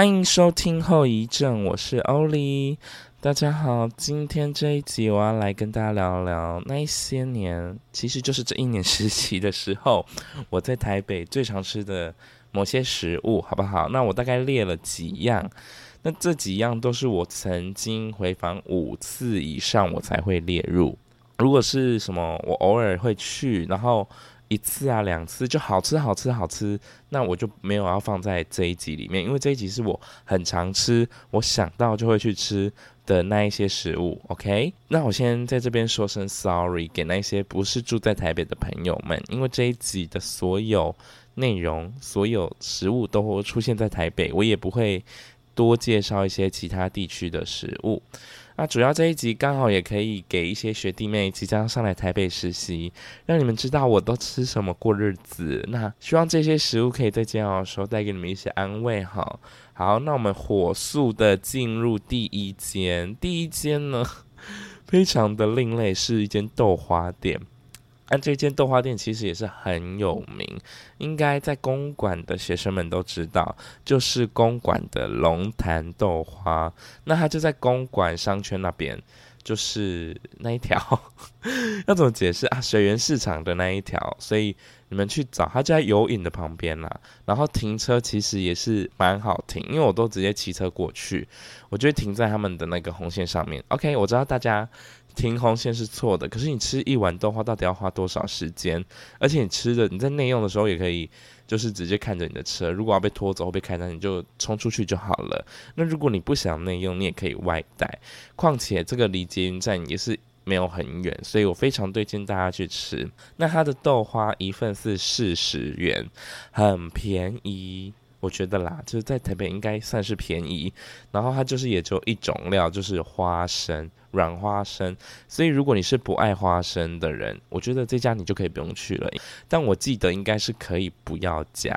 歡迎收聽後遺症，我是歐里。大家好，今天這一集我要來跟大家聊聊那些年，其實就是這一年實習的時候，我在台北最常吃的某些食物，好不好？那我大概列了幾樣，那這幾樣都是我曾經回訪五次以上，我才會列入。如果是什麼我偶爾會去，然後。一次啊，兩次就好吃，好吃，好吃。那我就沒有要放在這一集裡面，因為這一集是我很常吃，我想到就會去吃的那一些食物。OK，那我先在這邊說聲 sorry 給那些不是住在台北的朋友們，因為這一集的所有內容、所有食物都出現在台北，我也不會。多介紹一些其他地區的食物。那主要這一集剛好也可以給一些學弟妹即將上來台北實習，讓你們知道我都吃什麼過日子。那希望這些食物可以在煎熬的時候帶給你們一些安慰哈。好，那我們火速的進入第一間，第一間呢，非常的另類，是一間豆花店。但、啊、這間豆花店其實也是很有名，應該在公館的學生們都知道，就是公館的龍潭豆花。那它就在公館商圈那邊，就是那一條，要怎麼解釋啊？水源市場的那一條，所以你們去找，它就在有隱的旁邊啦、啊。然後停車其實也是蠻好停，因為我都直接騎車過去，我就會停在他們的那個紅線上面。OK，我知道大家，停紅線是錯的，可是你吃一碗豆花到底要花多少時間？而且你吃的你在內用的時候也可以，就是直接看着你的車，如果要被拖走或被開單，你就衝出去就好了。那如果你不想內用，你也可以外帶。況且這個離捷運站也是沒有很遠，所以我非常推薦大家去吃。那它的豆花一份是四十元，很便宜。我覺得啦，就是在台北應該算是便宜，然後它就是也只有一種料，就是花生，軟花生，所以如果你是不愛花生的人，我覺得這家你就可以不用去了。但我記得應該是可以不要加，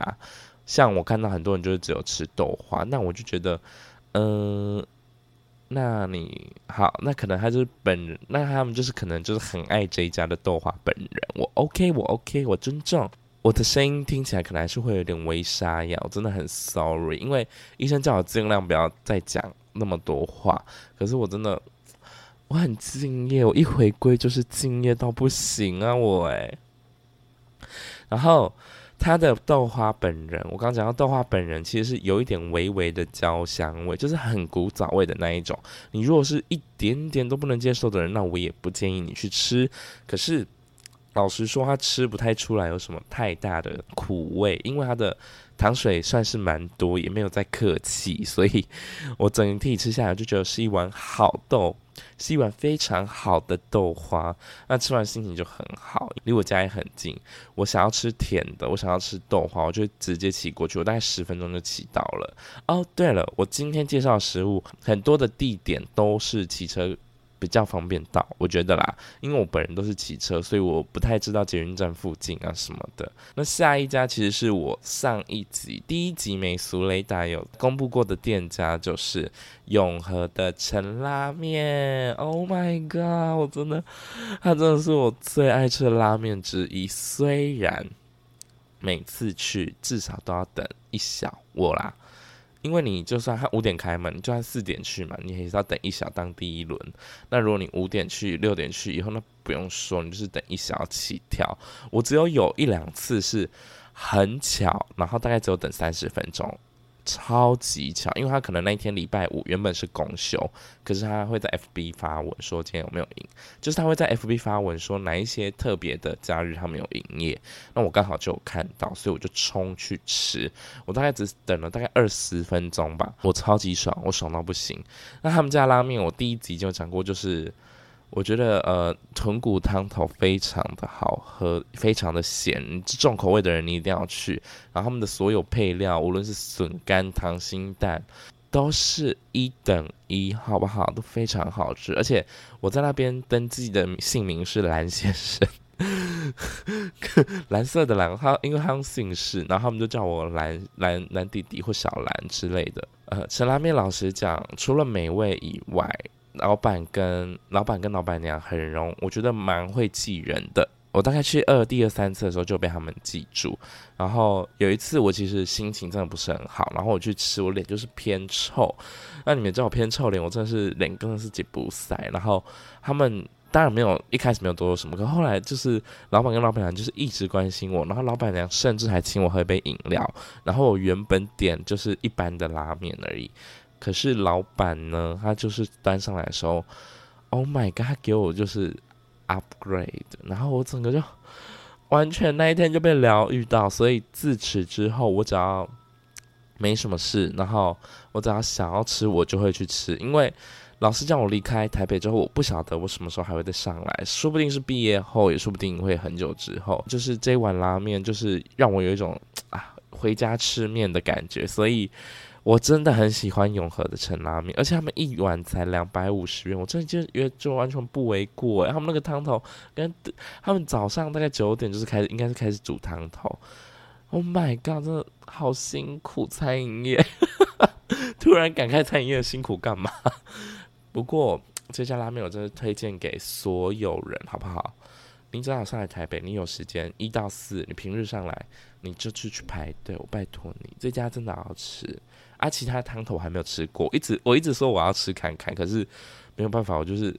像我看到很多人就是只有吃豆花，那我就覺得，嗯、呃，那你好，那可能他就是本人，那他們就是可能就是很愛這一家的豆花本人，我 OK，我 OK，我尊重。我的聲音聽起來可能還是會有點微沙啞，我真的很 sorry，因為醫生叫我盡量不要再講那麼多話，可是我真的我很敬業，我一回歸就是敬業到不行啊，我誒、欸，然後他的豆花本人，我剛剛講到豆花本人其實是有一點微微的焦香味，就是很古早味的那一種，你如果是一點點都不能接受的人，那我也不建議你去吃，可是。老實說，他吃不太出來有什麼太大的苦味，因為他的糖水算是蠻多，也沒有在客氣，所以我整體吃下來就覺得是一碗好豆，是一碗非常好的豆花。那吃完心情就很好，離我家也很近。我想要吃甜的，我想要吃豆花，我就直接騎過去，我大概十分鐘就騎到了。哦，對了，我今天介紹的食物很多的地點都是騎車。比較方便到，我覺得啦，因為我本人都是騎車，所以我不太知道捷運站附近啊什麼的。那下一家其實是我上一集，第一集美俗雷達有公布過的店家，就是永和的陳拉麵。Oh my god！我真的，他真的是我最愛吃的拉麵之一，雖然每次去至少都要等一小窩啦。因為你就算他五點開門，你就算四點去嘛，你也是要等一小當第一輪。那如果你五點去，六點去以後，那不用說，你就是等一小起跳。我只有有一兩次是很巧，然後大概只有等三十分鐘。超級巧，因為他可能那一天禮拜五原本是公休，可是他會在 FB 發文說今天有沒有贏，就是他會在 FB 發文說哪一些特別的假日他沒有營業，那我剛好就有看到，所以我就衝去吃，我大概只等了大概二十分鐘吧，我超級爽，我爽到不行。那他們家拉麵我第一集就講過，就是。我覺得呃豚骨湯頭非常的好喝，非常的鹹，你重口味的人你一定要去。然後他們的所有配料，無論是筍乾、溏心蛋，都是一等一，好不好？都非常好吃。而且我在那邊登記的姓名是藍先生， 藍色的藍，因為他們姓氏，然後他們就叫我藍藍藍弟弟或小藍之類的。呃，吃拉麵老實講，除了美味以外。老闆跟老闆跟老闆娘很容，我覺得蠻會記人的。我大概去二、第二三次的時候就被他們記住。然後有一次我其實心情真的不是很好，然後我去吃，我臉就是偏臭。那你們知道我偏臭臉，我真的是臉更是擠不塞。然後他們當然沒有一開始沒有多說什麼，可後來就是老闆跟老闆娘就是一直關心我。然後老闆娘甚至還請我喝一杯飲料。然後我原本點就是一般的拉麵而已。可是老闆呢，他就是端上來的時候，Oh my god，給我就是 upgrade，然後我整個就完全那一天就被療癒到，所以自此之後，我只要沒什麼事，然後我只要想要吃，我就會去吃，因為老師叫我離開台北之後，我不曉得我什麼時候還會再上來，說不定是畢業後，也說不定會很久之後，就是這碗拉麵，就是讓我有一種啊回家吃麵的感覺，所以。我真的很喜歡永和的陳拉麵，而且他們一碗才兩百五十元，我真的覺得就完全不為過、欸。他們那個湯頭跟他們早上大概九點就是開始，應該是開始煮湯頭。Oh my god，真的好辛苦，餐飲業。 突然感慨餐飲業辛苦幹嘛？不過這家拉麵我真的推薦給所有人，好不好？你正好上來台北，你有時間一到四，你平日上來你就出去排隊，我拜託你，這家真的好吃。啊，其他湯頭還沒有吃過，一直我一直說我要吃看看，可是沒有辦法，我就是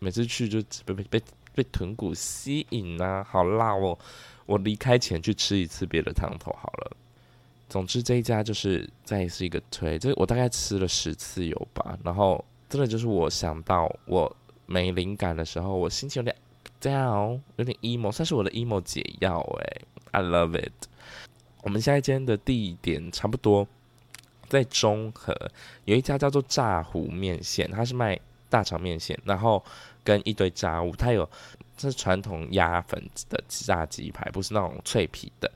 每次去就被被被豚骨吸引啊，好辣哦！我離開前去吃一次別的湯頭好了。總之這一家就是再一次一個推，這我大概吃了十次有吧，然後真的就是我想到我沒靈感的時候，我心情有點。這樣、哦、有點 emo，算是我的 emo 解藥哎、欸、，I love it。我們現在今天的地點差不多在中和，有一家叫做炸糊麵線，它是賣大腸麵線，然後跟一堆炸物。它有是傳統鴨粉的炸雞排，不是那種脆皮的。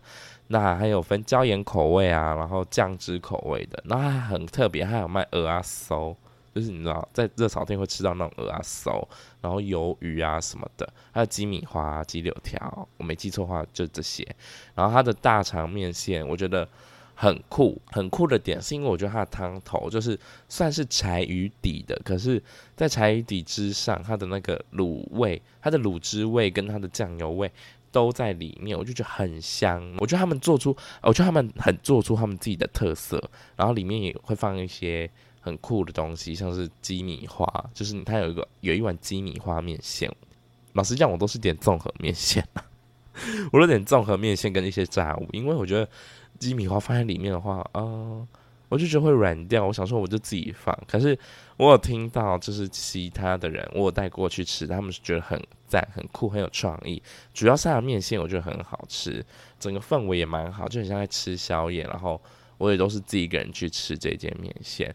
那還有分椒鹽口味啊，然後醬汁口味的。然後它很特別，它有賣蚵仔酥。就是你知道，在熱炒店會吃到那種鵝啊、燒，然後魷魚啊什麼的，還有雞米花、啊、雞柳條。我沒記錯的話，就這些。然後它的大腸麵線，我覺得很酷。很酷的點是因為我覺得它的湯頭就是算是柴魚底的，可是，在柴魚底之上，它的那個滷味、它的滷汁味跟它的醬油味都在裡面，我就覺得很香。我覺得他們做出，我覺得他們很做出他們自己的特色。然後裡面也會放一些。很酷的東西，像是雞米花，就是它有一個有一碗雞米花麵線。老實講，我都是點綜合麵線， 我有點綜合麵線跟一些炸物，因為我覺得雞米花放在裡面的話，啊、呃，我就覺得會軟掉。我想說，我就自己放。可是我有聽到，就是其他的人，我有帶過去吃，他們是覺得很讚、很酷、很有創意。主要是他的麵線，我覺得很好吃，整個氛圍也蠻好，就很像在吃宵夜。然後我也都是自己一個人去吃這間麵線。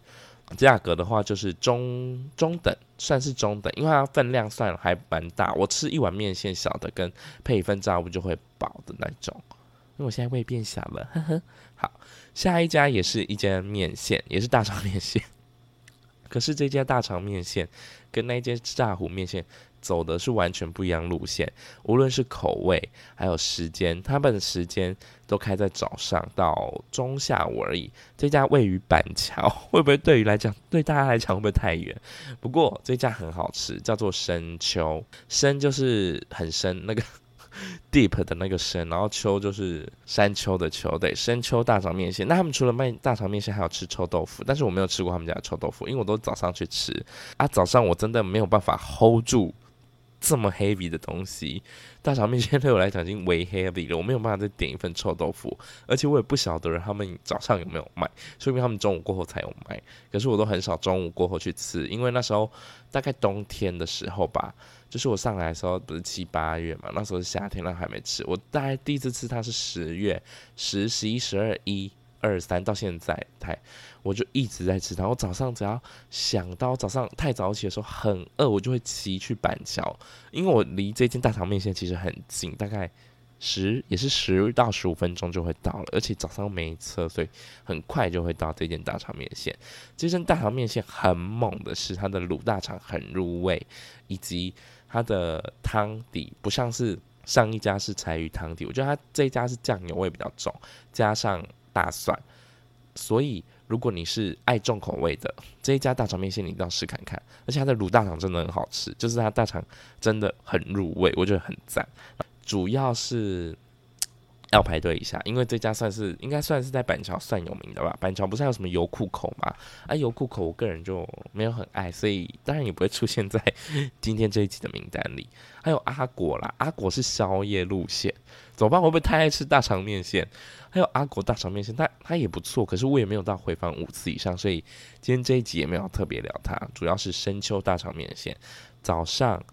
價格的話就是中中等，算是中等，因為它分量算還蠻大。我吃一碗麵線小的，跟配一份炸物就會飽的那種。因為我現在胃變小了，呵呵。好，下一家也是一間麵線，也是大腸麵線。可是這家大腸麵線跟那間炸糊麵線。走的是完全不一樣路線，無論是口味還有時間，他們的時間都開在早上到中下午而已。這家位於板橋，會不會對於來講，對大家來講會不會太遠？不過這家很好吃，叫做深秋，深就是很深那個 deep 的那個深，然後秋就是山丘的丘，對，深秋大腸麵線。那他們除了賣大腸麵線，還有吃臭豆腐，但是我沒有吃過他們家的臭豆腐，因為我都是早上去吃啊，早上我真的沒有辦法 hold 住。這麼 heavy 的東西，大腸麵線對我來講已經 very heavy 了，我沒有辦法再點一份臭豆腐，而且我也不曉得他們早上有沒有賣，說不定他們中午過後才有賣。可是我都很少中午過後去吃，因為那時候大概冬天的時候吧，就是我上來的時候不是七八月嘛，那時候是夏天，那還沒吃。我大概第一次吃它是十月十、十一、十二、一、二、三，到現在才。我就一直在吃它。我早上只要想到早上太早起的時候很餓，我就會騎去板橋，因為我離這間大腸麵線其實很近，大概十也是十到十五分鐘就會到了，而且早上沒車，所以很快就會到這間大腸麵線。這間大腸麵線很猛的是它的滷大腸很入味，以及它的湯底不像是上一家是柴魚湯底，我覺得它這一家是醬油味比較重，加上大蒜，所以。如果你是愛重口味的，這一家大腸麵線你一定要試看看，而且它的滷大腸真的很好吃，就是它大腸真的很入味，我覺得很讚，主要是。要排隊一下，因為這家算是應該算是在板橋算有名的吧？板橋不是還有什麼油庫口嗎？啊，油庫口我個人就沒有很愛，所以當然也不會出現在今天這一集的名單裡。還有阿果啦，阿果是宵夜路線，怎麼辦？會不會太愛吃大腸麵線？還有阿果大腸麵線，它它也不錯，可是我也沒有到回訪五次以上，所以今天這一集也沒有特別聊它。主要是深秋大腸麵線，早上。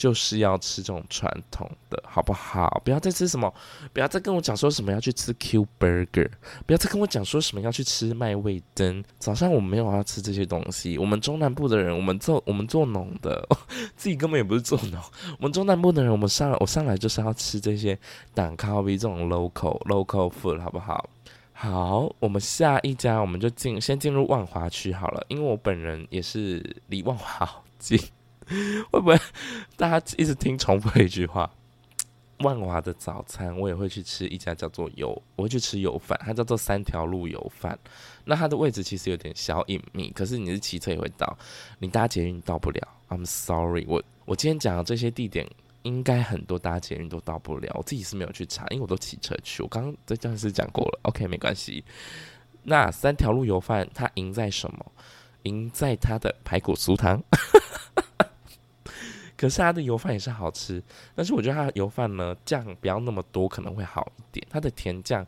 就是要吃這種傳統的，好不好？不要再吃什麼，不要再跟我講說什麼要去吃 Q Burger，不要再跟我講說什麼要去吃麥味登。早上我們沒有要吃這些東西。我們中南部的人，我們做我們做農的呵呵，自己根本也不是做農。我們中南部的人，我們上我上來就是要吃這些蛋炒米這種 local local food，好不好？好，我們下一家我們就進，先進入萬華區好了，因為我本人也是離萬華好近。會不會大家一直聽重複一句話？萬華的早餐我也會去吃一家叫做油。我會去吃油飯，它叫做三條路油飯。那它的位置其實有點小隱秘，可是你是騎車也會到，你搭捷運到不了。I'm sorry，我我今天講的這些地點，應該很多搭捷運都到不了。我自己是沒有去查，因為我都騎車去。我剛剛在教室講過了，OK，沒關係。那三條路油飯它贏在什麼？贏在它的排骨酥湯。 可是它的油飯也是好吃，但是我覺得它的油飯呢，醬不要那麼多可能會好一點。它的甜醬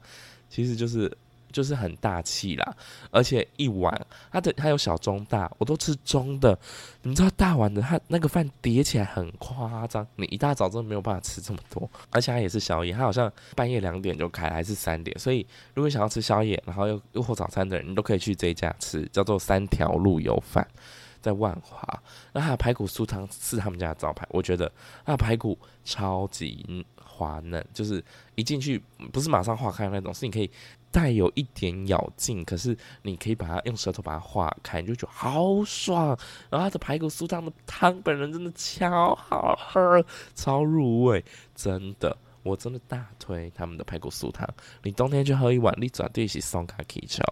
其實就是就是很大氣啦，而且一碗它的它有小中大，我都吃中的。你知道大碗的它那個飯疊起來很誇張，你一大早真的沒有辦法吃這麼多。而且它也是宵夜，它好像半夜兩點就開了還是三點，所以如果想要吃宵夜然後又又或早餐的人，你都可以去這一家吃，叫做三條路油飯。在萬華，那他的排骨酥湯是他們家的招牌。我覺得那排骨超級滑嫩，就是一進去不是馬上化開的那種，是你可以帶有一點咬勁，可是你可以把它用舌頭把它化開，你就覺得好爽。然後他的排骨酥湯的湯，本人真的超好喝，超入味，真的，我真的大推他們的排骨酥湯。你冬天去喝一碗，你絕對起松卡起球。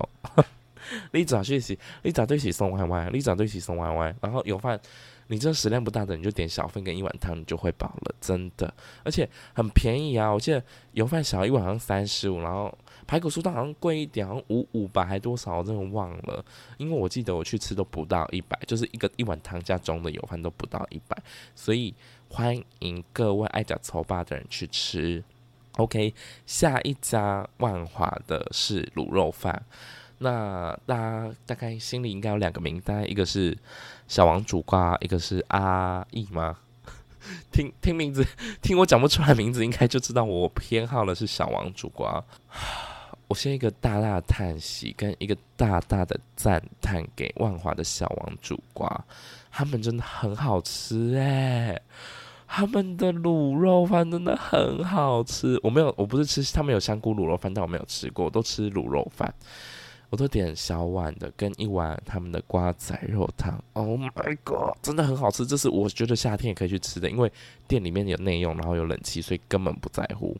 麗爪對起，麗爪對起送歪歪，麗爪對起送歪歪。然後油飯，你這食量不大的，你就點小份跟一碗湯，你就會飽了，真的。而且很便宜啊！我記得油飯小一碗好像三十五，然後排骨酥湯好像貴一點，好像五五吧，還多少？我真的忘了，因為我記得我去吃都不到一百，就是一個一碗湯加中的油飯都不到一百。所以歡迎各位愛呷粗飽的人去吃。OK，下一家萬華的是滷肉飯。那大家大概心裡應該有兩個名單，一個是小王煮瓜，一個是阿義嗎？聽聽名字，聽我講不出來名字，應該就知道我偏好的是小王煮瓜。我先一個大大的嘆息，跟一個大大的讚嘆給萬華的小王煮瓜，他們真的很好吃誒、欸，他們的滷肉飯真的很好吃。我沒有，我不是吃他們有香菇滷肉飯，但我沒有吃過，我都吃滷肉飯。我都點小碗的，跟一碗他們的瓜仔肉湯。Oh my god，真的很好吃，這是我覺得夏天也可以去吃的，因為店裡面有內用，然後有冷氣，所以根本不在乎。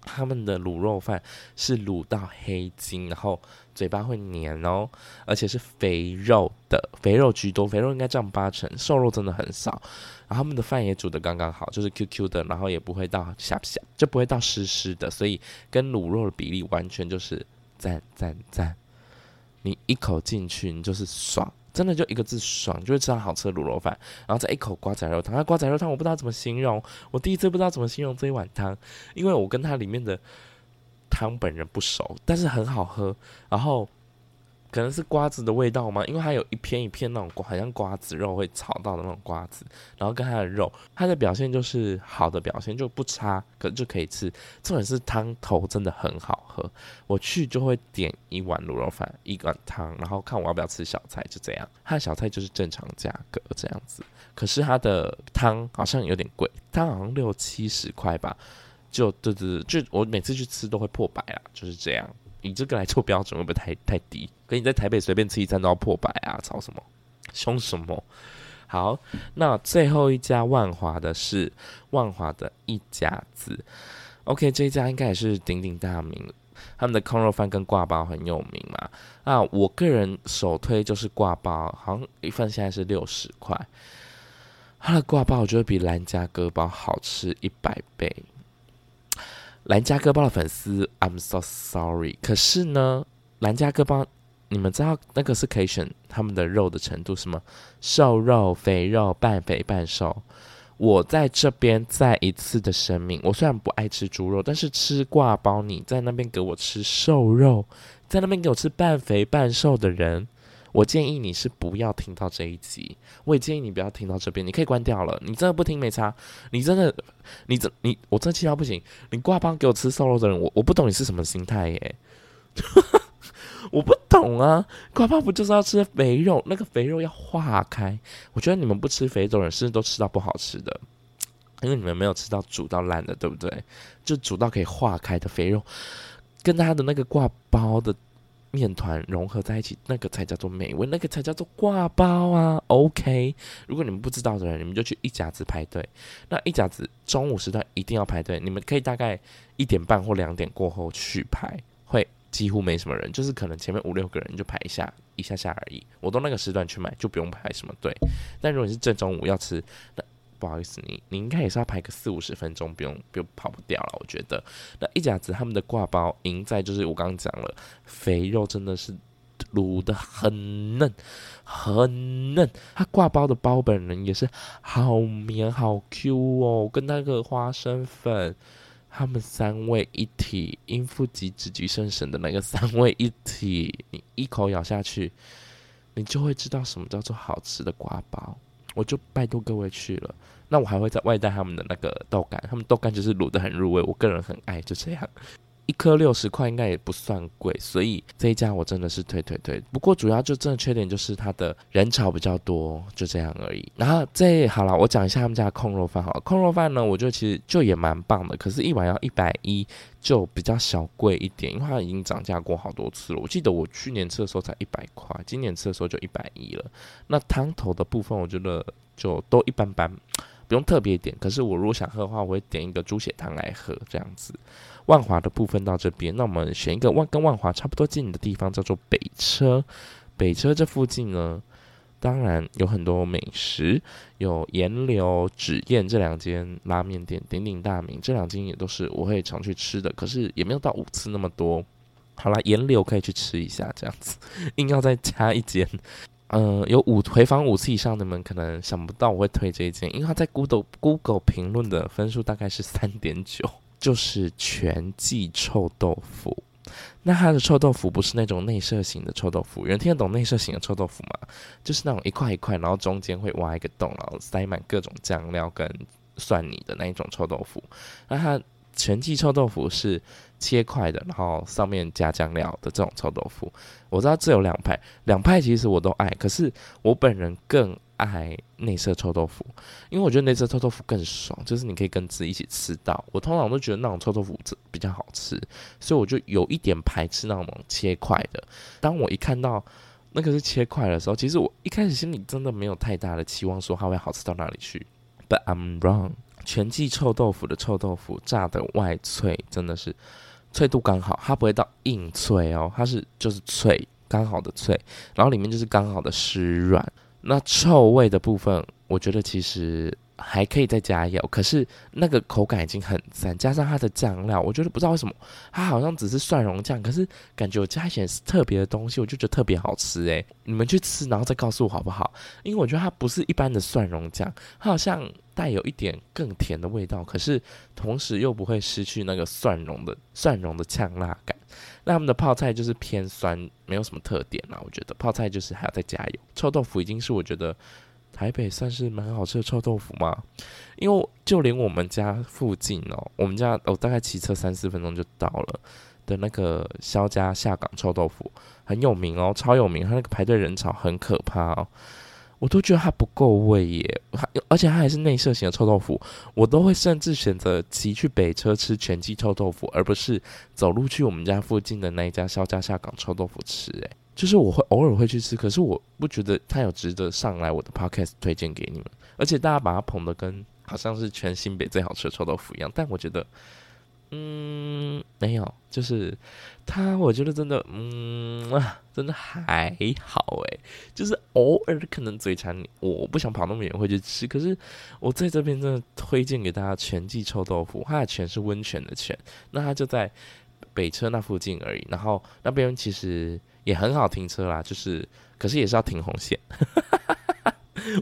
他們的滷肉飯是滷到黑金，然後嘴巴會黏哦，而且是肥肉的，肥肉居多，肥肉應該佔八成，瘦肉真的很少。然後他們的飯也煮得剛剛好，就是 QQ 的，然後也不會到下不下，就不會到濕濕的，所以跟滷肉的比例完全就是。讚讚讚！你一口進去，你就是爽，真的就一個字爽，就會吃到好吃的滷肉飯，然後再一口瓜仔肉湯。那、啊、瓜仔肉湯我不知道怎麼形容，我第一次不知道怎麼形容這一碗湯，因為我跟它裡面的湯本人不熟，但是很好喝。然後。可能是瓜子的味道嗎？因為它有一片一片那種，瓜，好像瓜子肉會炒到的那種瓜子，然後跟它的肉，它的表現就是好的表現就不差，可能就可以吃。重點是湯頭真的很好喝，我去就會點一碗滷肉飯，一碗湯，然後看我要不要吃小菜，就這樣。它的小菜就是正常價格這樣子，可是它的湯好像有點貴，湯好像六七十塊吧，就對對對，就我每次去吃都會破百啦，就是這樣。以這個來做標準會不會太太低？可你在台北隨便吃一餐都要破百啊，吵什麼，兇什麼？好，那最後一家萬華的是萬華的一家子。OK，這一家應該也是鼎鼎大名，他們的控肉飯跟刈包很有名嘛。啊，我個人首推就是刈包，好像一份現在是六十塊。他的刈包我覺得比藍家割包好吃一百倍。藍家割包的粉絲，I'm so sorry。可是呢，藍家割包，你們知道那個是可以選他們的肉的程度是嗎？瘦肉、肥肉、半肥半瘦。我在這邊再一次的聲明，我雖然不愛吃豬肉，但是吃刈包你在那邊給我吃瘦肉，在那邊給我吃半肥半瘦的人。我建議你是不要聽到這一集，我也建議你不要聽到這邊，你可以關掉了。你真的不聽沒差，你真的，你這你我真的氣到不行。你刈包給我吃瘦肉的人，我我不懂你是什麼心態耶， 我不懂啊。刈包不就是要吃肥肉？那個肥肉要化開。我覺得你們不吃肥肉的人，甚至都吃到不好吃的？因為你們沒有吃到煮到爛的，對不對？就煮到可以化開的肥肉，跟他的那個刈包的。麵團融合在一起，那個才叫做美味，那個才叫做刈包啊！OK，如果你們不知道的人，你們就去一家子排隊。那一家子中午時段一定要排隊，你們可以大概一點半或兩點過後去排，會幾乎沒什麼人，就是可能前面五六個人就排一下一下下而已。我到那個時段去買就不用排什麼隊，但如果你是正中午要吃。那不好意思，你你應該也是要排個四五十分鐘，不用不用就跑不掉了。我覺得那一甲子他們的刈包，贏在就是我剛剛講了，肥肉真的是滷得很嫩很嫩，他刈包的包本人也是好綿好 Q 哦，跟那個花生粉，他們三位一體，聖父及聖子聖神的那個三位一體，你一口咬下去，你就會知道什麼叫做好吃的刈包。我就拜託各位去了，那我還會在外帶他們的那個豆乾，他們豆乾就是滷的很入味，我個人很愛，就這樣，一顆六十塊應該也不算貴，所以這一家我真的是推推推。不過主要就真的缺點就是它的人潮比較多，就這樣而已。然後這好了，我講一下他們家的控肉飯哈，控肉飯呢，我覺得其實就也蠻棒的，可是一碗要一百一。就比較小貴一點，因為它已經漲價過好多次了。我記得我去年吃的時候才一百塊，今年吃的時候就一百一了。那湯頭的部分，我覺得就都一般般，不用特別點。可是我如果想喝的話，我會點一個豬血湯來喝這樣子。萬華的部分到這邊，那我們選一個萬跟萬華差不多近的地方，叫做北車。北車這附近呢？當然有很多美食，有鹽柳、紙燕這兩間拉麵店鼎鼎大名，這兩間也都是我會常去吃的，可是也沒有到五次那麼多。好啦，鹽柳可以去吃一下，這樣子，硬要再加一間，嗯，有五回訪五次以上，你們可能想不到我會推這一間，因為它在 Google Google 評論的分數大概是三點九，就是全季臭豆腐。那他的臭豆腐不是那種內射型的臭豆腐，有人聽得懂內射型的臭豆腐嗎？就是那種一塊一塊，然後中間會挖一個洞，然後塞滿各種醬料跟蒜泥的那一種臭豆腐。那他。全季臭豆腐是切塊的，然後上面加醬料的這種臭豆腐，我知道這有兩派，兩派其實我都愛，可是我本人更愛內色臭豆腐，因為我覺得內色臭豆腐更爽，就是你可以跟自己一起吃到。我通常都覺得那種臭豆腐比較好吃，所以我就有一點排斥那種切塊的。當我一看到那個是切塊的時候，其實我一開始心裡真的沒有太大的期望，說它會好吃到哪裡去。But I'm wrong. 全季臭豆腐的臭豆腐炸得外脆，真的是脆度剛好，它不會到硬脆哦，它是就是脆剛好的脆，然後裡面就是剛好的濕軟。那臭味的部分，我覺得其實。還可以再加油，可是那個口感已經很讚，加上它的醬料，我覺得不知道為什麼，它好像只是蒜蓉醬，可是感覺我加一些特別的東西，我就覺得特別好吃誒，你們去吃然後再告訴我好不好？因為我覺得它不是一般的蒜蓉醬，它好像帶有一點更甜的味道，可是同時又不會失去那個蒜蓉的蒜蓉的嗆辣感。那他們的泡菜就是偏酸，沒有什麼特點啦。我覺得泡菜就是還要再加油，臭豆腐已經是我覺得。台北算是蠻好吃的臭豆腐嗎？因為就連我們家附近哦，我們家我大概騎車三四分鐘就到了的那個蕭家下港臭豆腐很有名哦，超有名，他那個排隊人潮很可怕哦。我都覺得他不夠味耶，而且他還是內設型的臭豆腐，我都會甚至選擇騎去北車吃全雞臭豆腐，而不是走路去我們家附近的那一家蕭家下港臭豆腐吃誒。就是我會偶爾會去吃，可是我不覺得它有值得上來我的 podcast 推薦給你們。而且大家把它捧得跟好像是全新北最好吃的臭豆腐一樣，但我覺得，嗯，沒有。就是它，我覺得真的，嗯啊，真的還好誒。就是偶爾可能嘴饞，我不想跑那麼遠會去吃。可是我在這邊真的推薦給大家全季臭豆腐，它的泉是溫泉的泉，那它就在北車那附近而已。然後那邊其實。也很好停車啦，就是，可是也是要停紅線。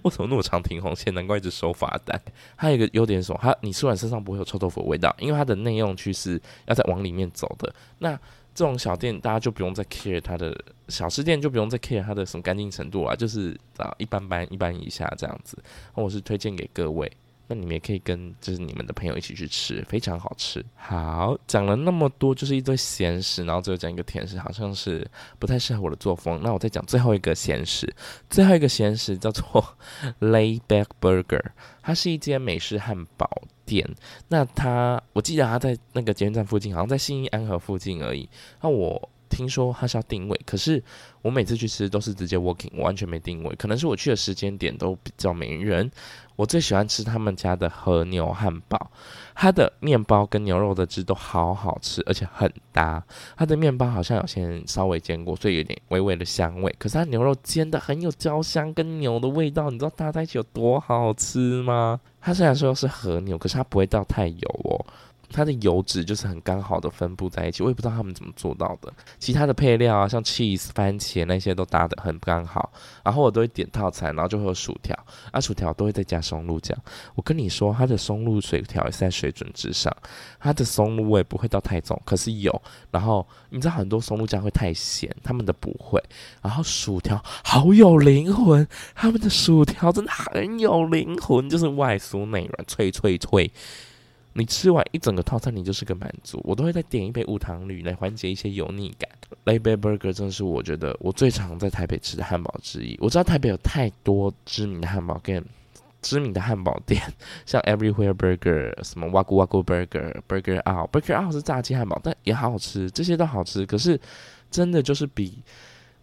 我 怎麼那麼常停紅線？難怪一直收罰單。還有一個優點什麼？它你吃完身上不會有臭豆腐的味道，因為它的內用區是要再往裡面走的。那這種小店大家就不用再 care 它的，小吃店就不用再 care 它的什麼乾淨程度啊，就是啊一般般，一般以下這樣子。然後我是推薦給各位。那你們也可以跟就是你們的朋友一起去吃，非常好吃。好，講了那麼多就是一堆鹹食，然後最後講一個甜食，好像是不太適合我的作風。那我再講最後一個鹹食，最後一個鹹食叫做 Layback Burger，它是一間美式漢堡店。那它我記得它在那個捷運站附近，好像在信義安和附近而已。那我。聽說它是要訂位，可是我每次去吃都是直接 walking，完全沒訂位。可能是我去的時間點都比較沒人。我最喜歡吃他們家的和牛漢堡，它的麵包跟牛肉的汁都好好吃，而且很搭。它的麵包好像有先稍微煎過，所以有點微微的香味。可是它牛肉煎得很有焦香跟牛的味道，你知道搭在一起有多好吃嗎？它雖然說是和牛，可是它不會到太油哦。它的油脂就是很剛好的分布在一起，我也不知道他們怎麼做到的。其他的配料啊，像 cheese、番茄那些都搭得很剛好。然後我都會點套餐，然後就會有薯條，啊，薯條都會再加松露醬。我跟你說，它的松露薯條也是在水準之上。它的松露味不會到太重，可是有。然後你知道很多松露醬會太鹹，他們的不會。然後薯條好有靈魂，他們的薯條真的很有靈魂，就是外酥內軟，脆脆脆。你吃完一整個套餐，你就是個滿足。我都會再點一杯無糖綠來緩解一些油膩感。Layback Burger 真的是我覺得我最常在台北吃的漢堡之一。我知道台北有太多知名的漢堡店，知名的漢堡店像 Everywhere Burger、什麼 Waku Waku Burger、Burger Out、Burger Out 是炸雞漢堡，但也好好吃，這些都好吃。可是真的就是比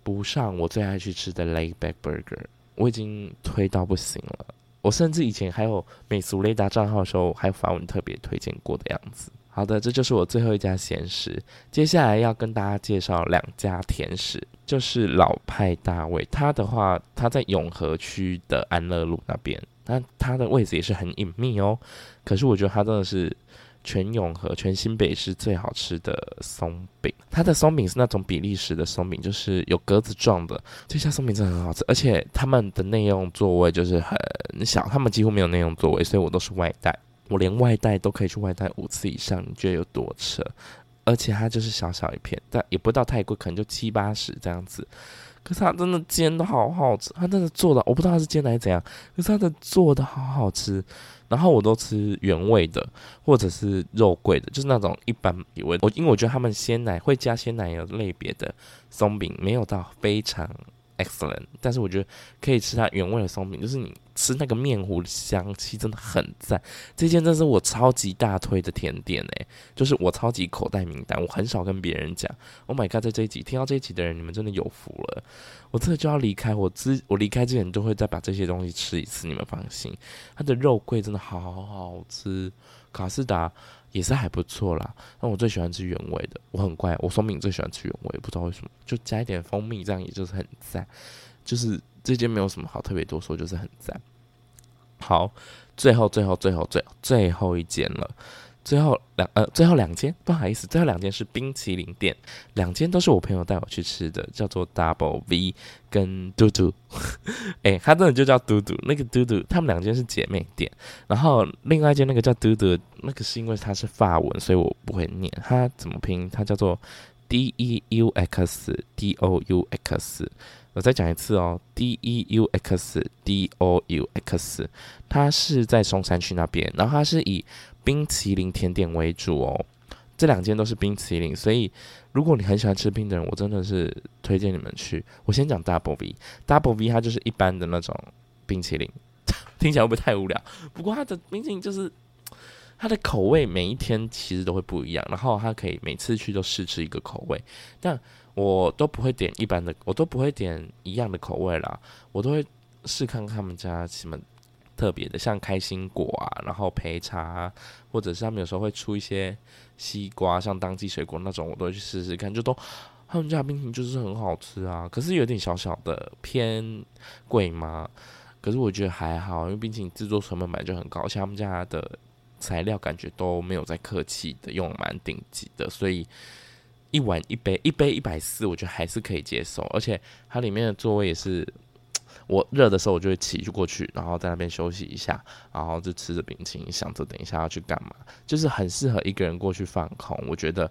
不上我最愛去吃的 Layback Burger，我已經推到不行了。我甚至以前還有美俗雷達賬號的時候，還有發文特別推薦過的樣子。好的，這就是我最後一家鹹食，接下來要跟大家介紹兩家甜食，就是老派大衛。他的話，他在永和區的安樂路那邊，那他的位置也是很隱秘哦。可是我覺得他真的是。全永和全新北市最好吃的鬆餅，它的鬆餅是那種比利時的鬆餅，就是有格子狀的。這家鬆餅真的很好吃，而且他們的內用座位就是很小，他們幾乎沒有內用座位，所以我都是外帶。我連外帶都可以去外帶五次以上，你覺得有多扯？而且它就是小小一片，但也不到太貴，可能就七八十這樣子。可是它真的煎得好好吃，它真的做的，我不知道它是煎的還是怎樣，可是它的做的好好吃。然後我都吃原味的，或者是肉桂的，就是那種一般口味，我因為我覺得他們鮮奶會加鮮奶油類別的鬆餅，沒有到非常 Excellent，但是我覺得可以吃它原味的鬆餅，就是你吃那個麵糊的香氣真的很讚。這間真是我超級大推的甜點誒、欸，就是我超級口袋名單，我很少跟別人講。Oh my god，在這一集聽到這一集的人，你們真的有福了。我真的就要離開，我之我離開之前都會再把這些東西吃一次，你們放心。它的肉桂真的好好,好吃，卡士達。也是還不錯啦，但我最喜歡吃原味的，我很乖。我說明，最喜歡吃原味，不知道為什麼，就加一點蜂蜜，這樣也就是很讚。就是這間沒有什麼好特別多說，就是很讚。好，最後最後最後最最後一間了。最後兩呃，最後兩間不好意思，最後兩間是冰淇淋店，兩間都是我朋友帶我去吃的，叫做 Double V 跟嘟嘟，哎、 欸，他真的就叫嘟嘟，那個嘟嘟，他們兩間是姐妹店，然後另外一間那個叫嘟嘟，那個是因為它是法文，所以我不會念，它怎麼拼，它叫做 D E U X D O U X，我再講一次哦，D E U X D O U X，它是在松山區那邊，然後它是以冰淇淋甜點為主哦，這兩間都是冰淇淋，所以如果你很喜歡吃冰的人，我真的是推薦你們去。我先講 Double V，Double V 它就是一般的那種冰淇淋，聽起來會不會太無聊？不過它的冰淇淋就是它的口味每一天其實都會不一樣，然後它可以每次去都試吃一個口味，但我都不會點一般的，我都不會點一樣的口味啦，我都會試看看他們家什麼。特別的，像開心果啊，然後陪茶啊，或者是他們有時候會出一些西瓜，像當季水果那種，我都會去試試看。就都他們家冰淇淋就是很好吃啊，可是有點小小的偏貴嘛。可是我覺得還好，因為冰淇淋制作成本本來就很高，像他們家的材料感覺都沒有在客氣的，用蠻頂級的，所以一碗，一杯，一杯一百四，我覺得還是可以接受。而且它裡面的座位也是。我熱的時候，我就會騎就過去，然後在那邊休息一下，然後就吃着冰淇淋，想着等一下要去幹嘛，就是很適合一個人過去放空。我覺得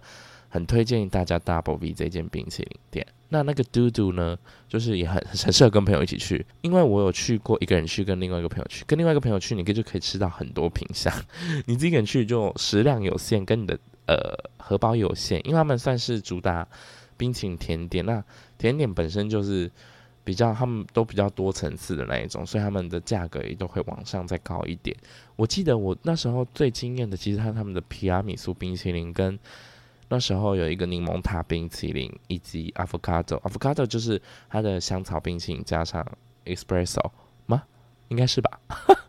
很推薦大家 Double V 這件冰淇淋店。那那個嘟嘟 oo 呢，就是也很很適合跟朋友一起去，因為我有去過一個人去跟另外一個朋友去，跟另外一個朋友去，你個就可以吃到很多品相，你自己一個人去就食量有限，跟你的呃荷包有限，因為他們算是主打冰淇淋甜點，那甜點本身就是。比較，他們都比較多層次的那一種，所以他們的價格也都會往上再高一點。我記得我那時候最驚艷的，其實他他們的提拉米蘇冰淇淋跟，跟那時候有一個檸檬塔冰淇淋，以及 avocado，avocado av 就是它的香草冰淇淋加上 espresso。應該是吧，哈哈，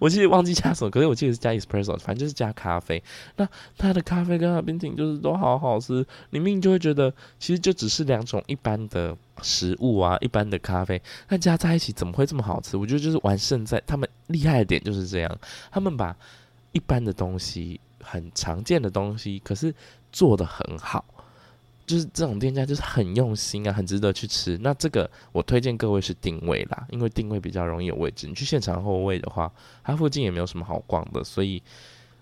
我記得忘記加什麼，可是我記得是加 espresso，反正就是加咖啡。那它的咖啡跟他的冰淇淋就是都好好吃，你明明就會覺得其實就只是兩種一般的食物啊，一般的咖啡，那加在一起怎麼會這麼好吃？我覺得就是完勝在他們厲害的點就是這樣，他們把一般的東西、很常見的東西，可是做得很好。就是這種店家就是很用心啊，很值得去吃。那這個我推薦各位是定位啦，因為定位比較容易有位置。你去現場候位的話，它附近也沒有什麼好逛的，所以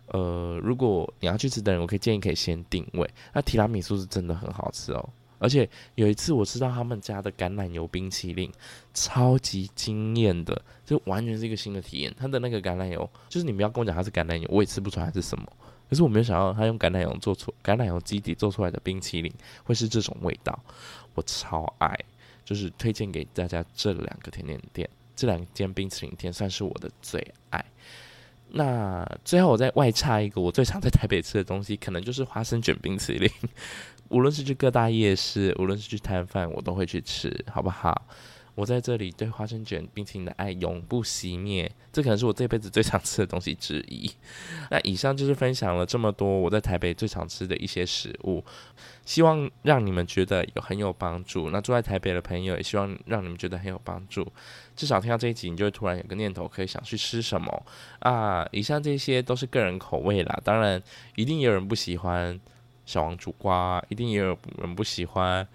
呃，如果你要去吃的人，我可以建議可以先定位。那提拉米蘇是真的很好吃哦，喔，而且有一次我吃到他們家的橄欖油冰淇淋，超級驚艷的，就完全是一個新的體驗。它的那個橄欖油，就是你不要跟我講它是橄欖油，我也吃不出來是什麼。可是我沒有想到，他用橄欖油做出橄欖油基底做出來的冰淇淋會是這種味道，我超愛，就是推薦給大家這兩個甜點店，這兩間冰淇淋店算是我的最愛。那最後我再外插一個，我最常在台北吃的東西，可能就是花生卷冰淇淋。無論是去各大夜市，無論是去攤販，我都會去吃，好不好？我在這裡對花生卷冰淇淋的愛永不熄滅，這可能是我這輩子最常吃的東西之一。那以上就是分享了這麼多我在台北最常吃的一些食物，希望讓你們覺得有很有幫助。那住在台北的朋友也希望讓你們覺得很有幫助，至少聽到這一集，你就會突然有個念頭可以想去吃什麼啊。以上這些都是個人口味啦，當然一定也有人不喜歡小王煮瓜，一定也有人不喜歡。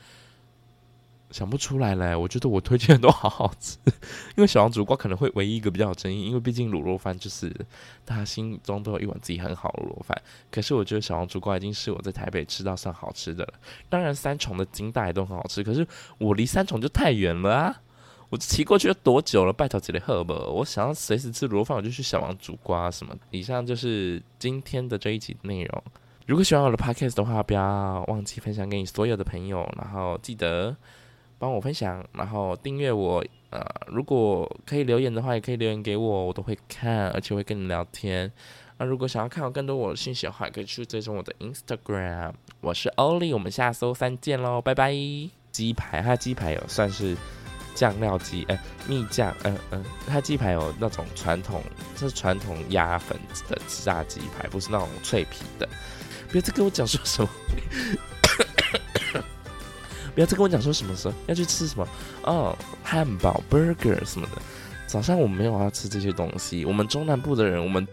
想不出來嘞，我覺得我推薦的都好好吃， 因為小王煮瓜可能會唯一一個比較有爭議，因為畢竟滷肉飯就是大家心中都有一碗自己很好的滷肉飯。可是我覺得小王煮瓜已經是我在台北吃到上好吃的了。當然三重的今大都很好吃，可是我離三重就太遠了啊！我騎過去要多久了？拜託杰里赫伯，我想要隨時吃滷肉飯，我就去小王煮瓜什麼。以上就是今天的這一集內容。如果喜歡我的 podcast 的話，不要忘記分享給你所有的朋友，然後記得。幫我分享，然後訂閱我。呃，如果可以留言的話，也可以留言給我，我都會看，而且會跟你聊天。那、啊、如果想要看到更多我的信息的話，也可以去追蹤我的 Instagram。我是歐里，我們下週三見嘍，拜拜。雞排，它的雞排有算是醬料雞，誒、呃，蜜醬，嗯、呃、嗯、呃，它雞排有那種傳統，是傳統鴨粉的炸雞排，不是那種脆皮的。不要再跟我講說什麼。 不要再跟我講說什麼時候要去吃什麼，哦，漢堡 burger 什麼的。早上我們沒有要吃這些東西。我們中南部的人，我們。